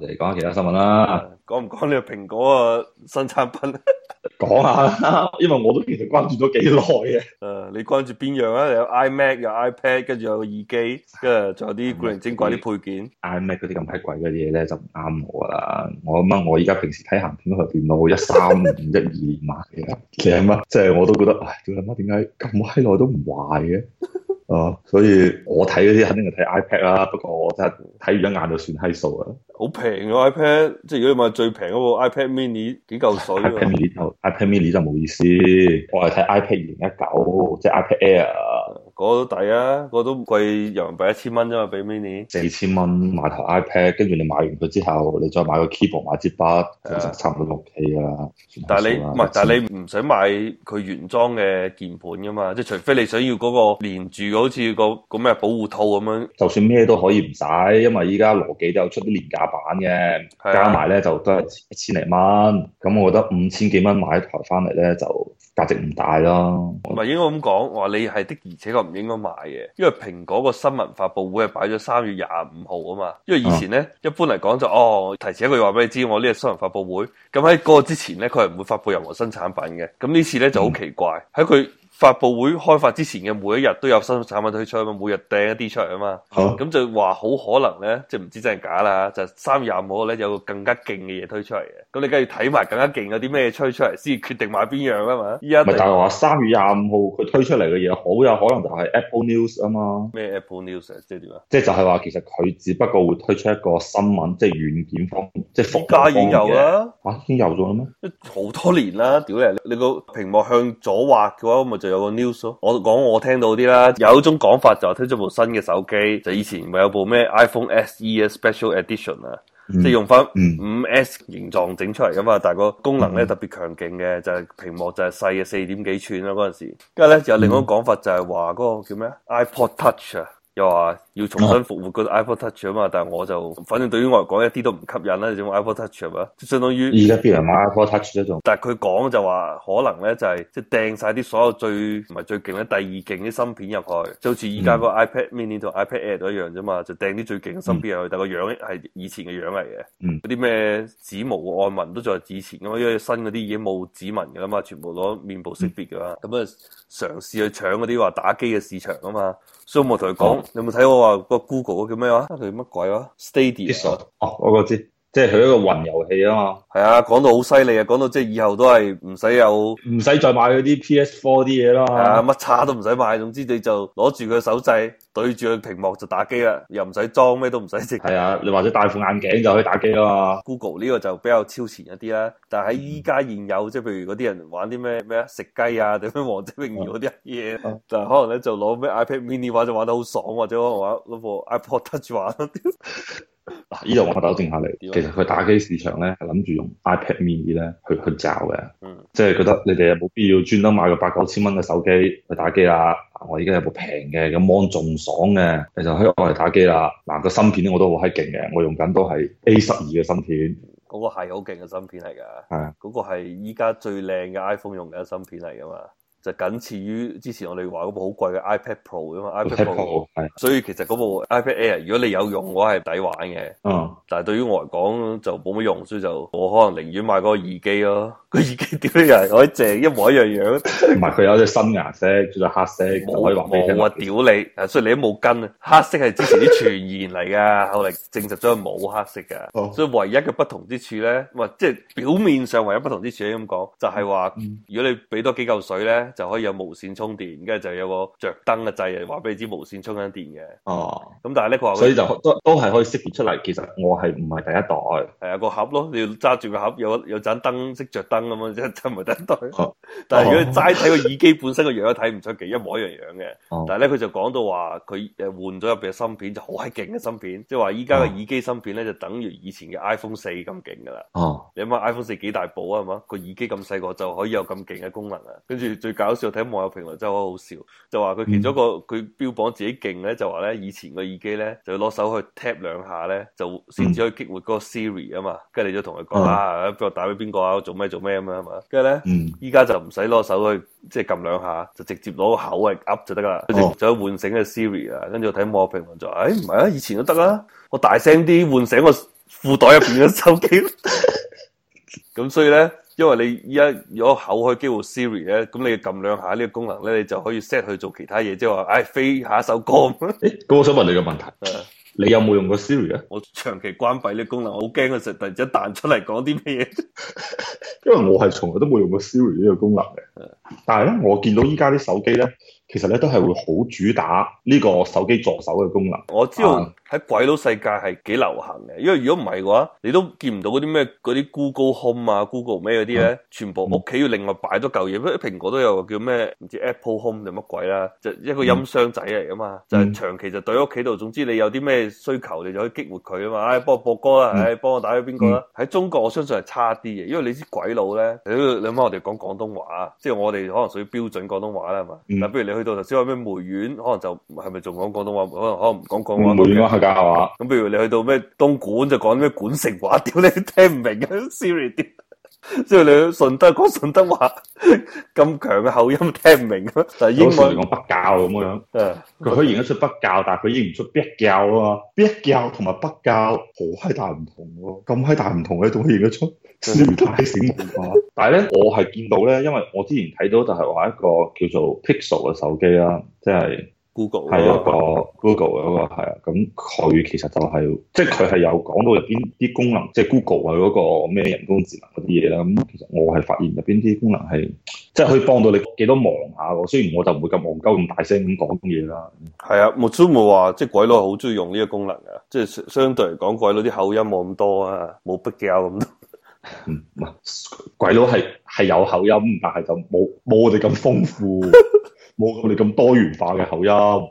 我哋講下其他新聞啦，講唔講呢個蘋果啊新產品？講 下啦，因為我都其實關注咗幾耐嘅。誒、嗯，你關注邊樣啊？有 iMac，有 iPad，跟住有耳機，跟住仲有啲古靈精怪啲配件。iMac 嗰啲咁閪貴嗰啲嘢咧就唔啱我啦。我諗，我而家平時睇行電腦，我一三年、一二年買嘅，其實乜，即係我都覺得，唉，做乜點解咁閪耐都唔壞嘅？哦，uh, 所以我睇嗰啲肯定係睇 iPad 啦，不過我真係睇完一眼就算閪數啊。好平嘅 iPad，即係如果你買最平嗰個 iPad Mini，幾嚿水、啊。 iPad Mini 就 iPad Mini 就冇意思，我係睇 iPad 二零一九，即係 iPad Air。個都抵啊！那個都貴人民幣一千蚊啫嘛，比 mini 四千蚊買台 iPad，跟住你買完佢之後，你再買個 keyboard 買支筆，的其實差唔多六 K 啦。算算但係你唔係，1, 但係你唔使買佢原裝嘅鍵盤噶嘛，即係除非你想要嗰個連住好似、那個個咩保護套咁樣。就算咩都可以唔使，因為依家羅技都有出啲廉價版嘅，的加埋咧就都係千零蚊。咁我覺得五千幾蚊買台翻嚟咧就～價值唔大咯，唔係，應該咁講，話你係的而且確唔應該買嘅，因為蘋果個新聞發佈會係擺咗三月廿五號啊嘛，因為以前咧、嗯、一般嚟講就哦提前一個月話俾你知，我呢個新聞發佈會，咁喺嗰個之前咧佢係唔會發佈任何新產品嘅，咁呢次咧就好奇怪，喺佢、嗯。發佈會開發之前嘅每一日都有新產品推出啊嘛，每日掟一啲出嚟啊嘛，咁、啊、就話好可能咧，即係唔知真係假啦就三、是、月廿五號咧有個更加勁嘅嘢推出嚟嘅，咁你梗係睇埋更加勁嗰啲咩嘢推出嚟先決定買邊樣啊嘛，依家但係話三月廿五號佢推出嚟嘅嘢好有可能就係 Apple News 啊嘛，咩 Apple News 即係點啊？即係就係話其實佢只不過會推出一個新聞即係軟件方面。即係框架已經有啦、啊，啊已經有咗咩？好多年啦，屌你，你個屏幕向左滑嘅話咪就。有個 news 咯，我講我聽到啲啦，有一種講法就係推出部新嘅手機，就係、以前咪有部咩 iPhone SE Special Edition 啊、嗯，即係用翻五 S 形狀整出嚟噶嘛，但係個功能咧特別強勁嘅，就係、係、屏幕就係細嘅四點幾寸咯嗰陣時。跟住咧有另外一種講法就係話嗰個叫咩咧，iPod Touch 啊。又話要重新復活個 iPod Touch 啊嘛，但係我就反正對於我嚟講一啲都唔吸引啦，點解 iPod Touch 啊？即係相當於而家邊人買 iPod Touch 都仲，I、種但係佢講就話可能咧就係即係掟晒啲所有最唔係最勁咧第二勁啲芯片入去，就好似而家個 iPad Mini 同 iPad Air 一樣啫嘛，就掟啲最勁嘅芯片入去，嗯、但係個樣係以前嘅樣嚟嘅，嗰啲咩指模按紋都仲係以前咁嘛，因為新嗰啲已經冇指紋噶啦嘛，全部攞面部識別噶啦，咁啊嘗試去搶嗰啲話打機嘅市場啊嘛，所以我咪同佢講。嗯你有冇睇我話嗰個 Google 叫咩話？佢乜鬼話 Stadia 啊！啊哦，我知。即係佢一個雲遊戲啊嘛，係啊，講到好犀利啊，講到即係以後都係唔使有，唔使再買嗰啲 PS Four 啲嘢啦，係啊，乜叉都唔使買，總之你就攞住個手掣對住個屏幕就打機啦，又唔使裝咩都唔使食。係啊，你或者戴副眼鏡就可以打機啦，嗯、Google 呢個就比較超前一啲啦，但係喺依家現有，即係、嗯、譬如嗰啲人玩啲咩咩食雞啊，或者《王者榮耀》嗰啲嘢，就係、嗯、可能咧就攞咩 iPad Mini 玩就玩得好爽，或者玩攞部 iPod Touch 玩。 嗱，依度我阿豆定下嚟，其實佢打機市場咧係諗住用 iPad Mini 咧去去找嘅，嗯，即係覺得你哋有冇必要專登買個八九千蚊嘅手機去打機啦，我已經有部平嘅，咁芒仲爽嘅，你就可以攞嚟打機啦。嗱，個芯片咧我都好閪勁嘅，我用緊都係 A 十二嘅芯片，嗰個係好勁嘅芯片嚟噶，係的，嗰個係依家最靚嘅 iPhone 用嘅芯片嚟噶嘛。就僅次於之前我哋話嗰部好貴嘅 iPad Pro 啊嘛，iPad Pro 係，所以其實嗰部 iPad Air 如果你有用嘅話，係抵玩嘅，嗯，但係對於我嚟講，就冇乜用，所以就我可能寧願買嗰個耳機咯。佢已經屌啲人，可以淨一模一樣樣。 唔係，佢有隻新顏色，叫做黑色。我話屌你，所以你都冇跟啊。黑色係之前啲傳言嚟㗎，後嚟證實咗佢冇黑色㗎。哦、所以唯一嘅不同之處咧，唔即係表面上唯一不同之處，咁講就係話，如果你俾多幾嚿水咧，就可以有無線充電，跟住就有個着燈嘅掣，話俾你知無線充緊電嘅。哦。咁但係咧，佢話所以就都都係可以識別出嚟，其實我係唔係第一代。係呀個盒咯，你要揸住個盒，有有盞燈識着燈。咁啊，真係唔係得對？但係如果齋睇個耳機本身個樣，都睇唔出幾一模一樣樣嘅。Oh. 但係咧，佢就講到話佢誒換咗入邊嘅芯片就好鬼勁嘅芯片，即係話依家嘅耳機芯片咧、就是、就等於以前嘅 iPhone 四咁勁㗎啦。哦，oh. 你諗下 iPhone 四幾大部啊？係嘛，個耳機咁細個就可以有咁勁嘅功能啊！跟住最搞笑睇網友評論真係好好笑，就話佢其中一個佢、mm. 標榜自己勁咧，就話咧以前個耳機咧就攞手去 tap 兩下咧，就先至可以激活嗰個 Siri 啊嘛。跟住、mm. 你就同佢講啊，邊我打俾邊個啊？做咩做咩？做咩啊嘛？跟住咧，依家就唔使攞手去，即係撳兩下，就直接攞個口嚟噏就得啦。跟住就可以喚醒個 Siri 啊，跟住我睇幕屏幕就，哎唔係啊，以前都得啊，我大聲啲喚醒我褲袋入邊嘅手機。咁 所以咧，因為你依家用口去以激活 Siri 咧，咁你撳兩下呢個功能咧，你就可以 set 去做其他嘢，即係話，哎，飛下一首歌。咁 我想問你個問題。 你有冇用過 Siri 啊？我長期關閉呢個功能，我好驚佢成突然之間彈出嚟講啲咩嘢。 因為我係從來都冇用過 Siri 呢個功能嘅。但係咧，我見到依家啲手機咧。其實咧都係會好主打呢個手機助手嘅功能。我知道喺鬼佬世界係幾流行嘅，因為如果唔係嘅話，你都見唔到嗰啲咩嗰啲 Google Home 啊、Google 咩嗰啲咧，嗯、全部屋企要另外擺咗嚿嘢。不過蘋果都有叫咩唔知 Apple Home 定乜鬼啦、啊，就是、一個音箱仔嚟啊嘛，嗯、就長期就懟喺屋企度。總之你有啲咩需求，你就可以激活佢啊嘛。唉、哎，幫我播歌啦，唉、哎，幫我打俾邊個啦。喺、嗯、中國我相信係差啲嘅，因為你知鬼佬咧，你諗下我哋講廣東話，即係我哋可能屬於標準廣東話啦，係嘛？嗱，不如你。去到頭先話咩梅縣，可能就係咪仲講廣東話？可能可能唔講廣東話，東話梅縣客家係嘛？咁譬如你去到咩東莞，就講咩莞城話。屌你聽唔明？Siri 屌！ 即係你喺順德講順德話，咁強嘅口音聽唔明咯，就係、是、英文嚟講北教咁樣。誒、嗯，佢可以認得出北教，但係佢認唔出北教啊嘛，北教同埋北教好閪大唔同咯，咁閪大唔同嘅仲可以認得出，真係唔太醒目。但係咧，我係見到咧，因為我之前睇到就係話一個叫做 Pixel 嘅手機啦，即係。係 Google、啊、一個 Google 嗰個係啊，咁佢其實就係、是，即係佢係有講到入邊啲功能，即係 Google 啊嗰個咩人工智能嗰啲嘢啦。咁、嗯、其實我係發現入邊啲功能係，即係可以幫到你幾多忙下、啊。雖然我就唔會咁憨鳩，咁大聲咁講嘢啦。係啊，我冇冇話，即係鬼佬好中意用呢個功能㗎。即係相相對嚟講，鬼佬啲口音冇咁多啊，冇逼教咁。唔、嗯、鬼佬係係有口音，但係就冇冇我哋咁豐富。 冇咁，你咁多元化嘅口音。